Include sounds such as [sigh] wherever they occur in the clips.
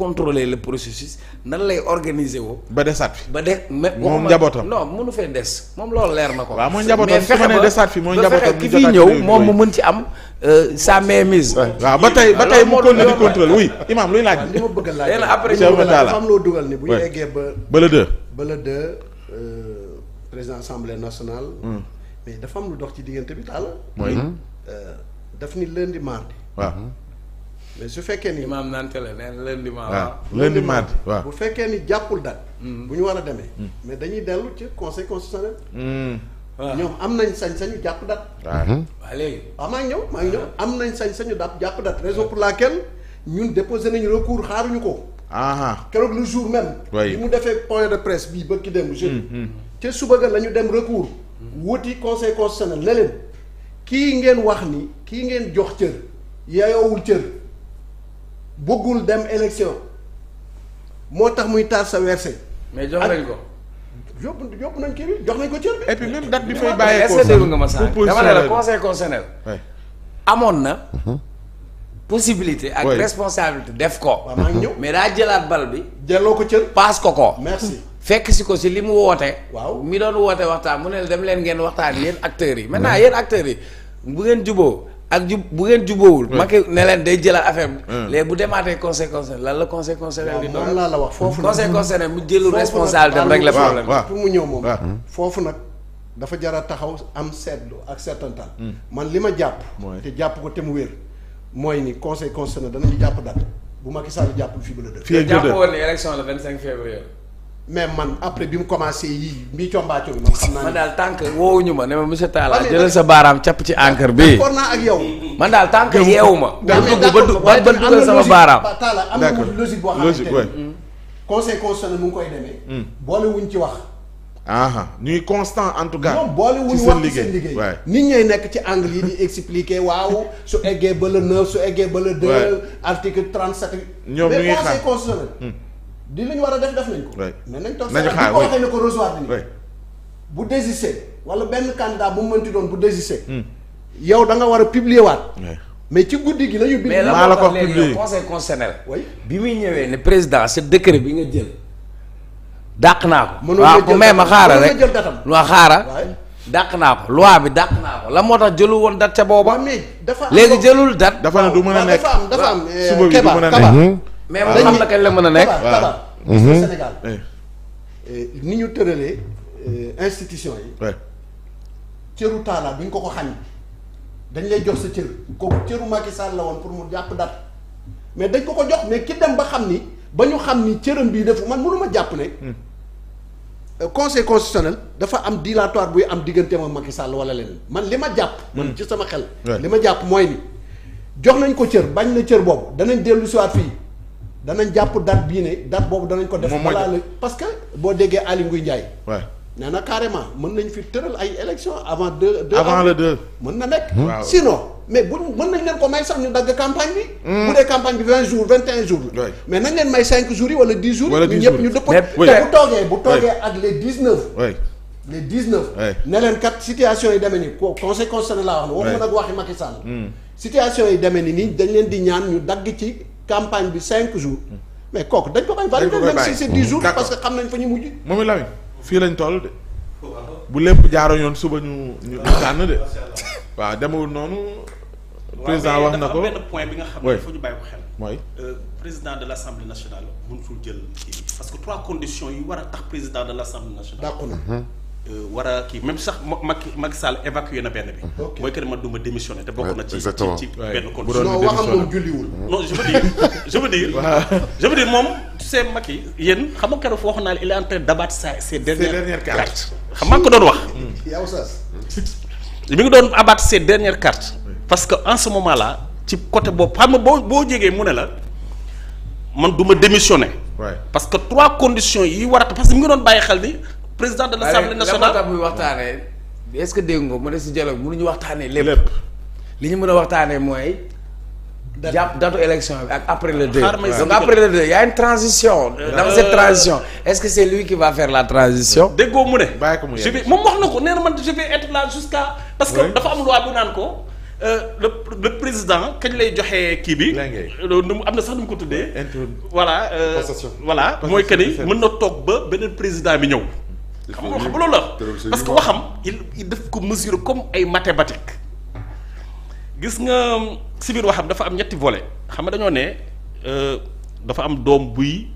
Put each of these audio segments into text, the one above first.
contrôler le processus nan lay organiser woo. ba desaat fi ba de. moom njabootam non mënu fee des moom loolu leer na ko. waaw mooy njabootam su ma nee desaat fi mooy njabootam ñu jotaat fi ñëw moom mu mën ci am euh, sa mise waaw ba tey ba tey mu kon di contrôler oui imaam luy laaj. li ma bëgg laaj léegi après ñu bëgg a laaj am loo dugal ni bu eggee ba. ba le deux ba le deux euh, président assemblée nationale. Hmm. mais dafa am lu dox ci diggante bi taal. mooy euh, daf ni lundi mais su fekkee nii imaam naan tele neen lundi mardi waaw lundi bu fekkee ni jàppul date mm. bu ñu war a demee mm. mais dañuy dellu ci conseil constitutionnel mm. ñoom am nañ sañ-sañu jàpp date waaw mm-hmm. léegi ñëw maa ñëw am nañ sañ-sañu date jàpp date raison pour laquelle ñun déposé nañu recours xaaruñu ko keroog le jour même bi mu defee point de presse bii bëkki dem jeudi te suba ga la dem recours wuti conseil constitutionnel ne leen kii ngeen wax ni kii ngeen jox cër yayowu cër bëggul dem élection moo tax muy taal sa verset. mais jox nañ ko. yóbbu yóbbu nañ kii bi jox nañ ko cër bi. et puis même date bi fay bàyyeekoo sax nga ma sax dama ne la conseil constitutionnel. amoon na. Mhm. possibilité ak responsabilité def ko. mais daa jëlaat bal bi. jëloo ko cër. paas ko ko. merci. fekk si ko si li mu woote. waaw mi doon woote waxtaan mu ne dem leen ngeen waxtaan yéen acteurs yi. maintenant yéen acteurs yi bu ngeen juboo ak jub bu ngeen jubóowul. Hmm. Macky ne leen day jëlal affaire hmm. léegi bu demaatee conseil conseil lan la conseil conseil. di doon laa la wax foofu nag conseil conseil mu jëlul responsable dem rek mu nag dafa jar a taxaw am seetlu ak seetantal. Hmm. man li ma jàpp. te jàpp ko te mu wér. mooy ni conseil conseil danañu jàpp date bu Macky Sall jàppul fii ba le fii jàpp woon ne élection le vingt cinq février. mais man après bi mu commencé yii mii combaa coono man daal tànk woowuñu ma ne ma monsieur Talla jëlal sa baaraam capp ci encre bi d'accord naa ak yow man daal tànk yeewu ma ba dugg ba dugal sama baaraam Talla am na logique boo xamante ne mm. conseil koy demee mm. boole ci wax aha ñuy constant en tout cas moom boole wuñ wax ci seen liggéey nit ñooy nekk ci angle yi di expliquer waaw su eggee ba le su eggee ba le deux article trente sept ñoom ñu ngi di lu war a def def nañ ko. mais nañ toog nañu xaar ko waxee ne ko recevoir bi nii. bu désisté wala benn candidat bu mënti doon bu désisté. Hmm. yow da nga war a piblier waat. mais ci guddi gi la ñu. bind maa la ko wax publier mais conseil constitutionnel. bi muy ñëwee ne président ce décret bi nga jël. dàq naa ko. mënoo ko may ma xaaral rek ma xaaral. dàq naa ko loi bi dàq naa ko la moo tax jëlu woon date ca booba. léegi jëlul date. dafa am dafa am dafa am. suba bi du mën a nekk mhm. mais moom xam na kañ la mën a nekk waaw Sénégal eh, ni ñu tëralee eh, institution yi cëru taala bi ñu ko ko xañ dañ lay jox sa cër kooku cëru Macky Sall la woon pour mu jàpp dat mais dañ ko ko jox mais ki dem ba xam ni ba ñu xam ni cëram bii dafa man mënuma jàpp ne hmm. euh, conseil constitutionnel dafa am dilatoire buy am diggante ma Macky Sall wala leneen man li ma jàpp hmm. man ci sama xel li ma jàpp mooy ni jox nañ ko cër bañ na cër boobu danañ dellu siwaat fii danañ jàpp date bii ne date boobu danañ ko def balaa la parce que boo déggee Aly Ngouille Ndiaye nee na mën nañ fi tëral ay élection avant deux avant le deux mën na nekk sinon mais bu mën nañ leen ko may sax ñu dagg campagne bi hmm. bu dee campagne bi vingt jours vingt un jours mais nañ leen may cinq jours yi wala dix jours ñu ñëpp ñu dëpp te bu toogee bu toogee ak les dix neuf les dix neuf kat situation yi demee ni ko conséquence ne laa wax ne waxuma nag waxi Macky Sall hmm. situation yi demee ni nii dañ leen di ñaan ñu dagg ci campagne bi cinq jours hmm. mais kooku dañ ko koy valider même si c'est dix jours parce que xam nañ fa ñu mujj moom Lamine fii lañ toll de oh, ah, ah. bu lépp jaaro yoon suba ñu ñu tànn de waaw demewul noonu président wax na ko benn point bi xam ne dafa ñu bàyyi ko xel mooy euh, président de l'Assemblée nationale mënutul jël kii parce que trois conditions yi war a tax président de l'Assemblée nationale na mhm. Euh, war a kii même sax Macky Macky Sall évacué na benn bi. mooy que man du ma démissionné te bokk na. ci ci benn kon. bu doon waxam moom julliwul. non je veux dire je veux dire. je veux dire moom tu sais Macky yéen xam nga keroog waxoon naa il est en train d'abattre sa ses xam nga ko doon wax. Mm. yow sax. [laughs] mi ngi doon abattre ses dernières cartes. parce que en ce moment ci côté boobu xam nga boo boo jegee mu ne la man du ma démissionné. parce que trois conditions yi war a parce que mi ngi doon président de la muy waxtaanee est ce que dégg nga mu ne si dialogue mënuñu waxtaanee lépp li ñu mën a waxtaanee mooy. jàpp datu élection bi ak après le deux donc après le deux y a une transition dans cette euh. transition est-ce que c'est lui qui va faire la transition déggoo mu ne je vais moom wax na ko nee na man je vais être là jusqu'à parce que dafa am loi bu naan ko euh, le président kañ lay joxe kii bi nu mu am na sax nu mu ko tuddee voilà euh, voilà mooy que ni mën na toog ba beneen président bi ñëw xam nga xam nga loolu la parce que waxam il def ko mesure comme ay mathématiques gis nga euh, si biir waxam dafa am ñetti volet xam nga dañoo ne euh, dafa am doom buy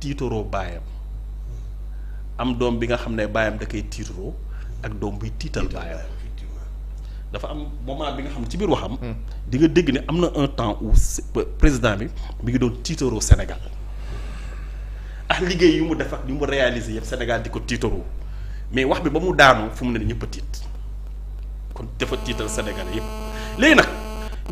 tiitaroo baayam am doom bi nga xam ne baayam da koy tiitaroo ak doom buy tiital dafa am moment bi nga xam ne ci biir waxam. di nga dégg ne am na un temps où euh, président bi mi ngi doon tiitaroo Sénégal ak ah, liggéey yu mu defar ak yu mu réaliser yëpp Sénégal di ko tiitaroo. mais wax bi ba mu daanu fu mu ne ñëpp a tiit kon dafa tiital Sénégalais yëpp léegi nag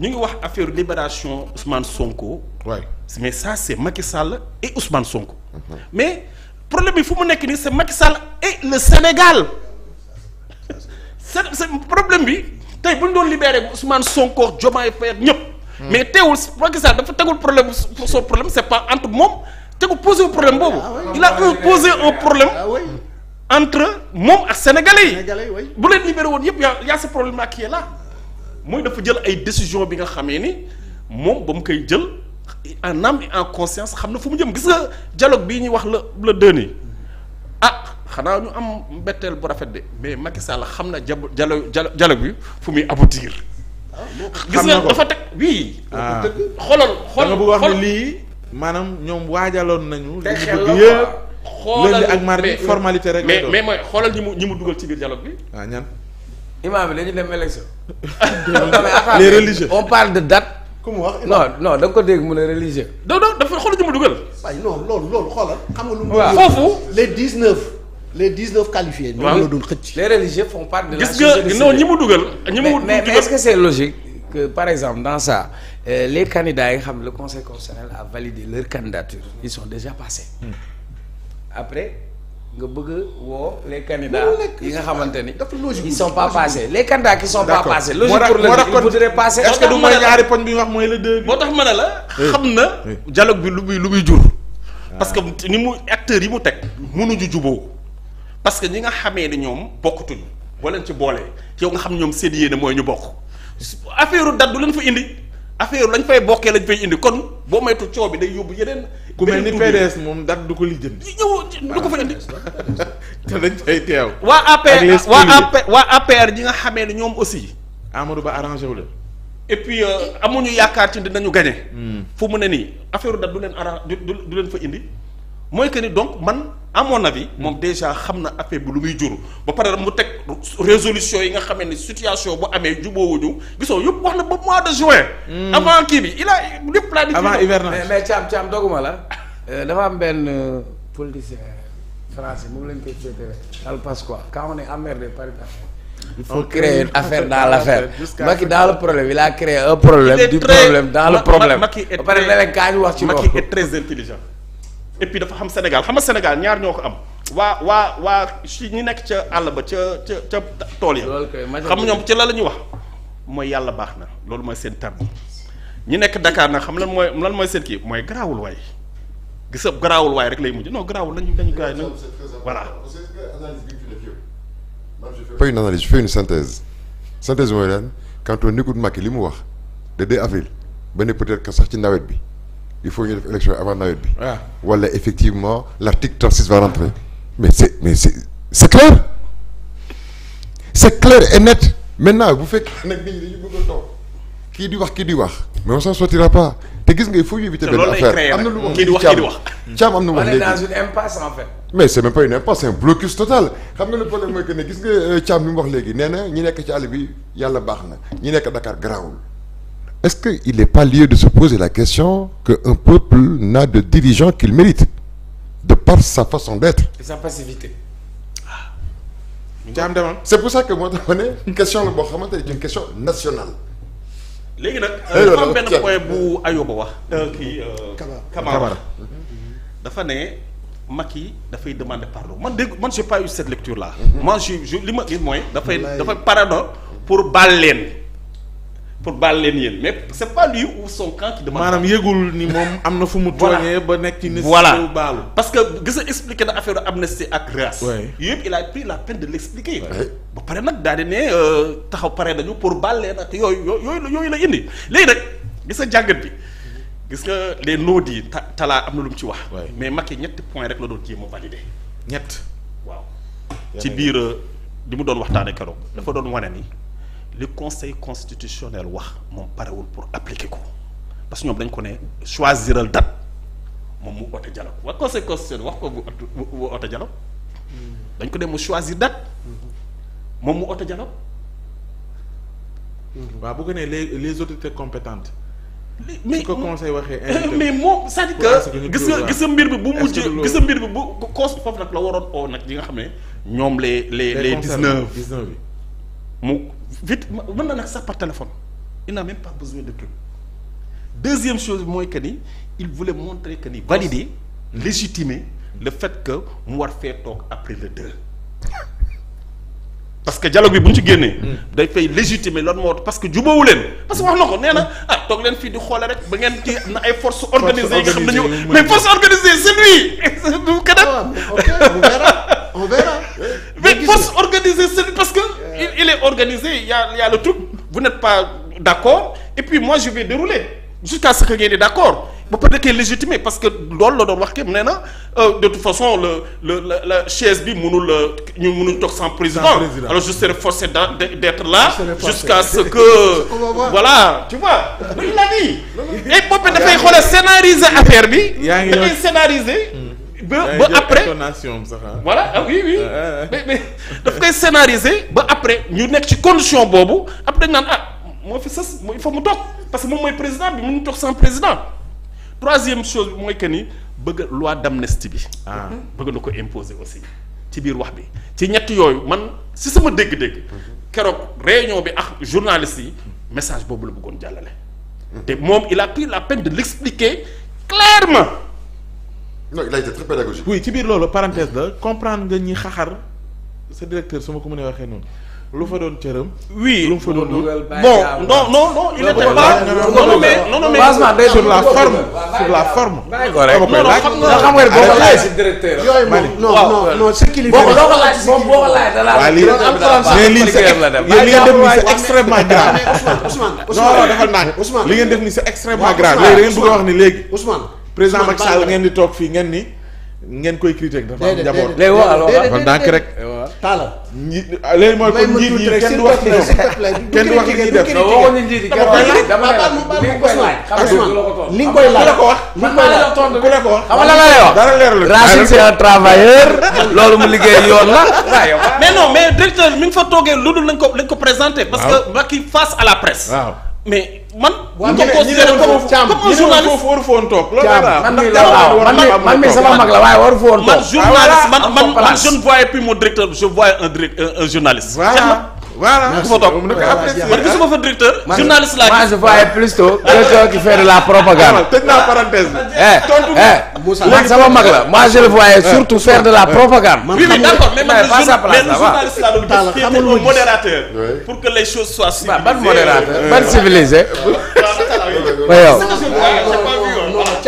ñu ngi wax affaire libération Ousmane Sonko. waay mais ça c' est Macky Sall et Sonko. Mm-hmm. mais problème bi fu nekk nii c' est Macky Sall et le Sénégal. c'est problème bi tey bu ñu doon libéré Ousmane Sonko Diomaye Faye ñëpp. Mm. mais teewul Macky Sall dafa tegul problème pour son problème c' est pas entre moom tegu posé wu problème boobu. Ah il a posé un problème. Ah entre moom ak sénégalais yi bu leen libéré woon yëpp yaa yaa ce problème là qui est là mooy dafa jël ay décision bi nga xamee ni moom ba mu koy jël en âme en conscience xam na fu mu jëm gis nga dialogue bii ñuy wax la la dënee ah xanaa ñu am mbetteel bu rafet de mais Macky Sall xam na jab dialogue dialogue bi fu muy aboutir ah, gis nga dafa teg wii ah. xoolal xool nga bëgg wax ne lii maanaam ñoom waajaloon nañu li ñu bëgg yëpp xoolal ak mardi formalité rek. mais mais xoolal ñi mu ñi mu dugal ci biir dialogue bi. waaw ah, ñaan. imaam yi dañu dem élection. [laughs] les religieux on parle de date. ku mu wax non non da ko dégg mu ne religieux. non non dafa xoolal ñi mu dugal. waaye non loolu loolu xoolal. xam nga lu mu. foofu les 19. les 19 qualifiés. waaw ñoo la doon xëcc. les religieux font part de mu dugal. ñi mu dugal mais logique. par exemple dans ça euh, les candidats yi nga xam ne le conseil constitutionnel a validé leur candidature ils sont déjà passés. Hmm. après nga bëgg woo les candidats yi nga xamante ni ils sont pas passés les candidats qui sont pas passés logique pour le moo tax ma ne la xam na dialogue bi lu muy lu muy jur ah. parce que ni mu acteurs yi mu teg mënuñu juboo parce que ñi nga xamee ni ñoom bokkatuñu boo ci boolee yow nga xam ñoom seen yéene mooy ñu bokk affaire date du leen fa indi affaire lañ fay bokkee lañ fay indi kon boo moytu coow bi day yóbbu yeneen. ku mel ni PDS moom dat du ko li jënd. ñëw du ko fa indi. [laughs] te dañ fay teew. waa APR waa APR waa APR ñi nga xamee ne ñoom aussi. Amadou Ba arrangé wu leen. et puis euh, amuñu yaakaar ci dinañu gagné. Hmm. fu mu ne nii affaire dat du leen arrangé du du leen fa indi. mooy que ni donc man amoon mon avis hmm. moom déjà xam na affaire bi lu muy juru ba pare mu teg résolution yi nga xamee ne situation bu amee jubóowuñu gisoo yëpp wax na ba mois de juin. Hmm. avant kii bi il lépp laa di. avant hivernage mais mais Thiam Thiam la. Ah. Euh, dafa am benn euh, politicien français moom lañ koy féetewee. al Pasqua quand on est problème il a créé un problème du problème dans le problème ba pare ne leen kaa ñu wax ci loolu Macky est très intelligent et dafa xam Sénégal xam nga ñaar ñoo ko am waa waa waa si ñi nekk ca àll ba ca ca ca tool ya xam ñoom ci la la ñuy wax mooy yàlla baax na loolu mooy seen tab ñi nekk Dakar na xam lan mooy lan mooy seen kii mooy garaawul waay gis nga garaawul waay rek lay mujj non garaawul nañu dañu gars yi voilà. je fais une analyse je fais une synthèse synthèse mooy lan quand on écoute Macky li mu wax le 2 avril ba ne peut-être sax ci nawet bi. il faut ñu def élection avant nawet bi. waaw wala effectivement l'article 36 va rentrer mais c'est mais c'est c'est clair c'est clair et net maintenant bu fekkee nag nit dañu bëgg kii di wax kii di wax mais on s'en sortira te gis nga il faut ñu éviter benn affaire am na lu wax kii di wax kii di wax caam am na wax léegi on est dans une impasse en fait. mais c'est même pas une impasse c'est un blocus total xam nga le problème mooy gën ne gis nga caam euh, li mu wax léegi nee na ñi nekk ci àll bi yàlla baax na ñi nekk Dakar garaawul. est-ce qu'il n'est pas lieu de se poser la question qu'un peuple n'a de dirigeant qu'il mérite, de par sa façon d'être Et sa passivité. Ah. C'est pour ça que moi, une question, est une question nationale. léegi nag eh, euh, dafa am point bu Ayoba wax euh, kii Camara euh, mhm. dafa ne Macky dafay demander pardon man dégg man j'ai pas eu cette lecture là mhm. moi je li ma gis mooy dafay dafay pardon pour baal leen pour bal leen yéen mais c' est pas lui son camp maanaam yëgul ni moom am na fu mu. tooñee ba nekk ci. voilà baalu parce que gis nga na affaire amnistie ak grâce. yëpp il a pris la peine de l' expliquer. ba pare nag daal di ne euh, taxaw pare nañu pour baal leen ak yooyu yooyu la yooyu la indi léegi rek gis nga jàngat bi. gis nga les nodes yi ta talaa am na lu mu ci wax. mais yi ñetti point rek la doon jéem a validé. ñett waaw. ci biir di euh, mu doon waxtaan waxtaanee keroog dafa doon wane nii li conseil constitutionnel wax moom parewul pour appliquer ko parce que ñoom dañ ko ne choisiral date moom mu oote dialogue waa conseil constitutionnel wax ko mu mu oote dialogue dañ ko dem mu choisir moom mu oto dialogue hmm. waa bu ko nee les les autorités compétentes. li mais ko conseil waxee. mais moom cest à gis nga gis nga mbir bi bu mujj gis nga mbir bi bu cons foofu nag la waroon oo nag yi nga xam ne ñoom les les les dix-neuf bi mu vite mën na nag sax par téléphone il n'a même pas besoin de truc deuxième chose mooy que ni il voulait montrer que ni valider légitimer le fait que mu war fee toog après le deux parce que dialogue bi bu ñu ci génnee. day fay légitimer loolu moo parce que jubóowu leen. parce que wax na ko nee na ah toog leen fii di xoole rek ba ngeen ci na ay forces organisées nga xam na ñu mais force organisée c'est lui du keneen. mais force organisée c'est lui parce que. il, il est organisé il y a a le truc vous n'êtes pas d'accord et puis moi je vais dérouler jusqu'à ce que ngeen di d'accord ba pare kay légitimer parce que loolu la doon wax képp nee na euh, de toute façon le le la la chaise bi mënul euh, ñu mënul toog sans président alors je serai forcé d'être là jusqu'à ce [laughs] que voilà tu vois [laughs] l'a dit et dafay xoolal scénariser affaire bi dafay scénariser ba ba après ah. voilà ah oui oui [laughs] mais mais daf koy scénariser ba après ñu nekk ci condition boobu après dañ naan ah moo fi sës il faut mu toog parce que moom mooy président bi mënuñu toog san président troisième chose bi mooy que ni bëgg loi d'amnistie bi. Ah. Mmh. bëgg na ko imposer aussi ci biir wax bi ci ñett yooyu man si sama dégg-dégg. Mmh. keroog réunion bi ak journaliste yi message boobu la bëggoon jàllale. Mmh. te moom il a pris la peine de l'expliquer clairement. non il a été très pédagogique. oui ci biir loolu parenthèse la comprendre nga ñi xaxar sa directeur su ma ko mënee waxee noonu. lu fa doon cëram. oui lu fa doon bon non non non il n'était pas non non mais non non mais sur la forme sur la forme. non non non non non président Macky Sall ngeen di toog fii ngeen ni ngeen koy critique dafa am njaboot léegi waaw alors kon dànk rek taala ñi léegi mooy kon njiit yi kenn du wax kenn du wax li ñuy def waxoon na njiit yi wax li dama li koy laaj li nga koy ku la ko wax li nga koy laaj ku la ko wax xam la lay wax dara leerul Racine c'est un [laughs] yoon la mais non fa toogee loolu lañ ko lañ ko présenté parce que Macky face à la presse waaw mais man. waaw ñu ko considéré comme un journaliste waru foon man mii la man mag la waaye waru foon toog. man journaliste man man man je ne voyais plus mon directeur je voyais un direct un journaliste. voilà merci beaucoup mu man gisuma fa directeur. journaliste laa gis moi je voyais plutôt. directeur qui de la propagande. tëj naa Moussa sama mag la moi je le voyais surtout faire de la propagande. man xam nga mais journaliste la doon expliquer au modérateur. Euh, [laughs]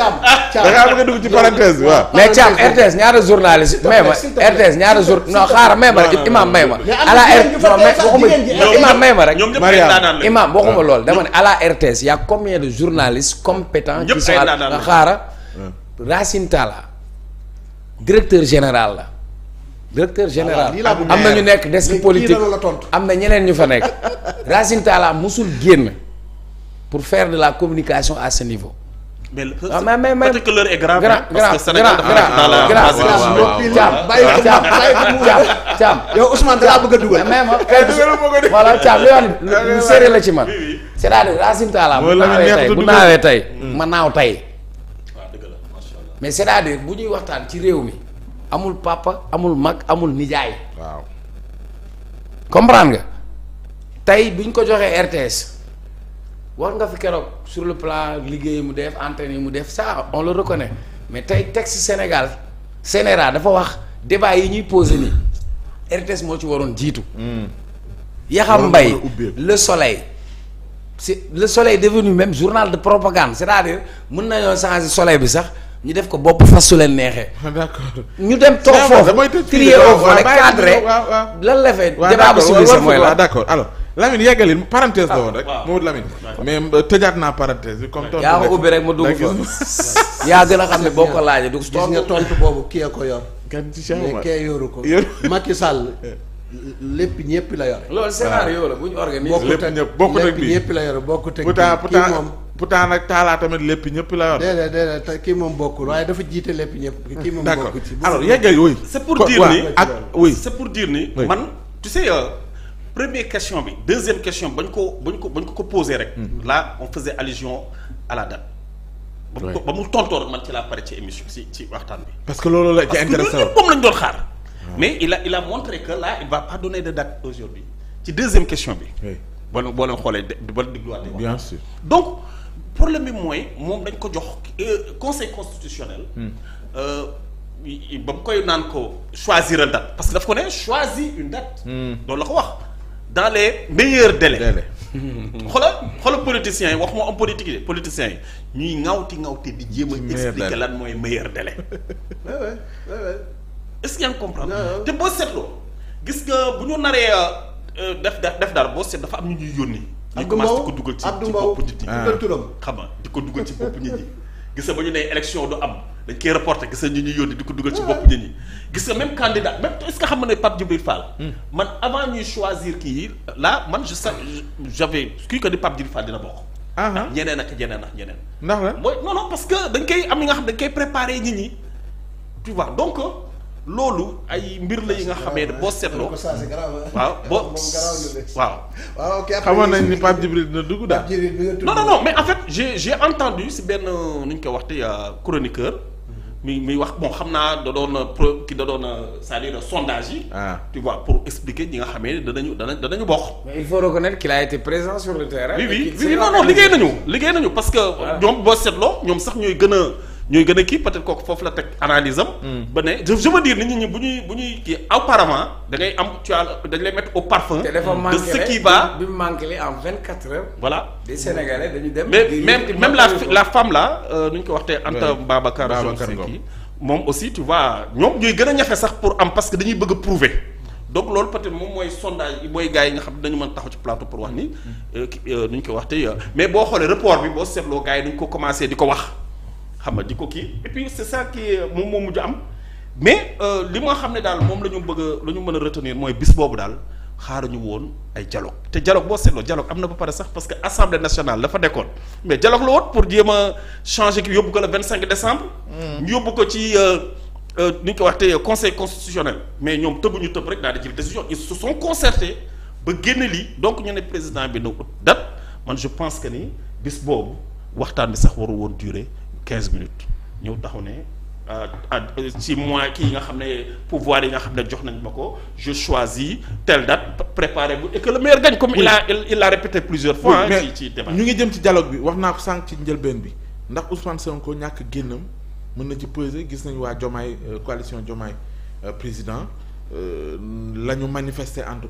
a ah. dugg ci parenthèse waaw. mais Thiam RTS ñaata journaliste may ma RTS ñaata jour non xaaral may ma rek imam may ma. mais ma rek. Mariam imam waxuma ah. lool dama ne à la RTS combien de journalistes compétents. ñëpp ay naanaan Racine Talla directeur général la. directeur général am na ñu nekk desk politique am na ñeneen ñu fa nekk Racine Talla musul génn pour faire de la communication à ce niveau. mais mais mais peut-être que l'heure est grave. grave parce lu séeréer la ci man. c'est-à-dire Racine Talla bu naawee tey bu naawee tey ma naaw tey. mais c'est-à-dire bu ñuy waxtaan ci réew mi amul papa amul mag amul nijaay. waaw comprendre nga tey bi ñu ko joxee RTS war nga fi keroog sur le plan liggéey mu def entraîné mu def saa on le reconnaît mais tey texte Sénégal sénéral dafa wax débat yi ñuy posé nii RTS moo ci waroon jiitu. Hmm. Yaxam Mbaye Le Soleil. si Le Soleil est devenu même journal de propagande c'est-à-dire mën nañoo changer Soleil bi sax. ñu def ko bopp fas su leen neexee. Ah, d'accord ñu dem toog foofu trier au fond rek cadré lan la fay. débat bu subi sa mooy la d'accord alors Lamine yeggali parenthèse la ah, woon rek. Mamadou Lamine. mais euh, tëjaat naa parenthèse bi comme tontu yaa ko ubbi rek ma dugg fa [laughs] yaa gën a xam ne boo ko laajee du. gis nga tontu boobu kii a ko yor. kan ci mais kee yoru ko. [laughs] Eh. lépp ñëpp la yore. loolu scénario la bu ñu organiser. lépp ñëpp la yor bokk ak. pourtant pourtant kii moom. pourtant nag taalaa tamit lépp ñëpp la yor. déedéet déedéet kii moom bokkul waaye dafa jiite lépp ñëpp. kii moom bokkul ci alors yeggal oui. c'est pour dire ni ak euh, ko bañ ko bañ ko ko posé rek. Mm. là on faisait allusion à la date. ba ci laa pare ci ci waxtaan bi. parce que loolu la ci intéressant parce que doon xaar. Ah. mais il a il a montré que là il va pas donner de date aujourd'hui ci deuxième question bi. oui boo leen boo leen xoolee de ba dégluwaatee. bien sûr donc. problème bi mooy moom dañ ko jox euh, conseil constitutionnel. Hmm. Euh, ba mu koy naan ko choisir une date parce que daf ko ne choisis une date. Hmm. loolu la ko wax dans les meilleurs délais. [laughs] xoolal xoolal politiciens yi waxuma am politique yi politiciens yi ñuy ŋawti ŋawti di jéem a expliquer lan mooy meilleur délai. [laughs] est-ce que te boo seetloo gis nga bu ñu naree euh, def def dara boo seet dafa am ñu ñuy yónni. Abdou Mbow di ko dugal ci ci bopp nit ñi ah. xam nga di ko dugal ci bopp nit ñi gis nga ma ñu ne élection du am dañ koy reporté gis nga ñu ñuy di ko dugal ci bopp nit ñi gis nga même candidat même est-ce que xam nga ne Pape Djibril Fall hmm. man avant ñuy choisir kii là man je sais j'avais kii ko ni Pape Djibril Fall dina bokk ah, ah. ndax ñeneen ak ñeneen ak ñeneen ndax la mooy non non parce que dañ koy am yi nga xam dañ koy préparé nit ñi tu vois donc loolu ay mbir la yi nga xamee boo seetloo. waaw boo waaw. waaw ok xamoon nañ ni Pape Djibril dina dugg daal. non non non mais en fait j'ai j'ai entendu si benn nu ñu ko wax te euh, chroniqueur. Mm-hmm. mi mi wax bon xam naa da doon euh, pro ki da doon euh, c'est-à-dire sondage yi. Ah. tu vois pour expliquer ñi nga xamee danañu danañ danañu bokk. mais il faut reconnaître qu'il a été présent sur le terrain. oui oui oui non liggéey nañu liggéey nañu parce que. ñoom boo seetloo ñoom sax ñooy gën a. ñooy gën a kii peut-être kooku foofu la teg analyse am. Hmm. ba ne je veux dire nit ñi bu ñuy bu ñuy kii auparavant da am tu dañ lay mettre au parfum. te dafa hmm. manqué de ce en vingt quatre heures. voilà des Sénégalais dañu dem. mais même la la femme là euh, nu ñu ko waxtee Anta Babacar. Babacar Ngom moom aussi tu vois ñoom ñooy gën a ñafe sax pour am parce que dañuy bëgg a prouver. donc loolu peut-être moom mooy sondage yi mooy gars yi nga xam ne dañu mën taxaw ci plateau pour wax ni. Hmm. Euh, euh, nu ñu ko wax te mais boo xoolee report bi boo seetloo gars yi dañu ko commencé di ko wax. xam nga di ko kii et puis c'est ça qui moom moo mujj am mais euh, li nga xam ne daal moom la ñu bëgg la ñu mën a retenir mooy bis boobu daal xaaruñu woon ay dialogue te dialogue boo seetloo dialogue am na ba pare sax parce que assemblée national dafa nekkoon mais dialogue la woon pour jéem a changer ki yóbbu ko la 25 décembre. Mm. ñu yóbbu ko ci euh, euh, ni ñu ko waxtee conseil constitutionnel mais ñoom tëbuñu tëb rek daal di jël décision ils se sont concertés ba génne lii donc ñu ne président bi na ut date man je pense que ni bis boobu waxtaan bi sax waru woon durer. quinze minutes ñëw taxu ne euh, euh, si mois kii nga xam ne pouvoir yi nga xam ne jox nañ ma ko je choisis telle date préparé bu et que le meilleur gagne comme il la il l'a répété plusieurs fois ci ci débat ñu ngi jëm ci dialogue bi wax naa ko sànq ci njëlbeen bi ndax Ousmane Sonko ñàkk génnam mën na ci peser gis nañu waa Jomaay euh, coalition Jomaay président la ñu manifester en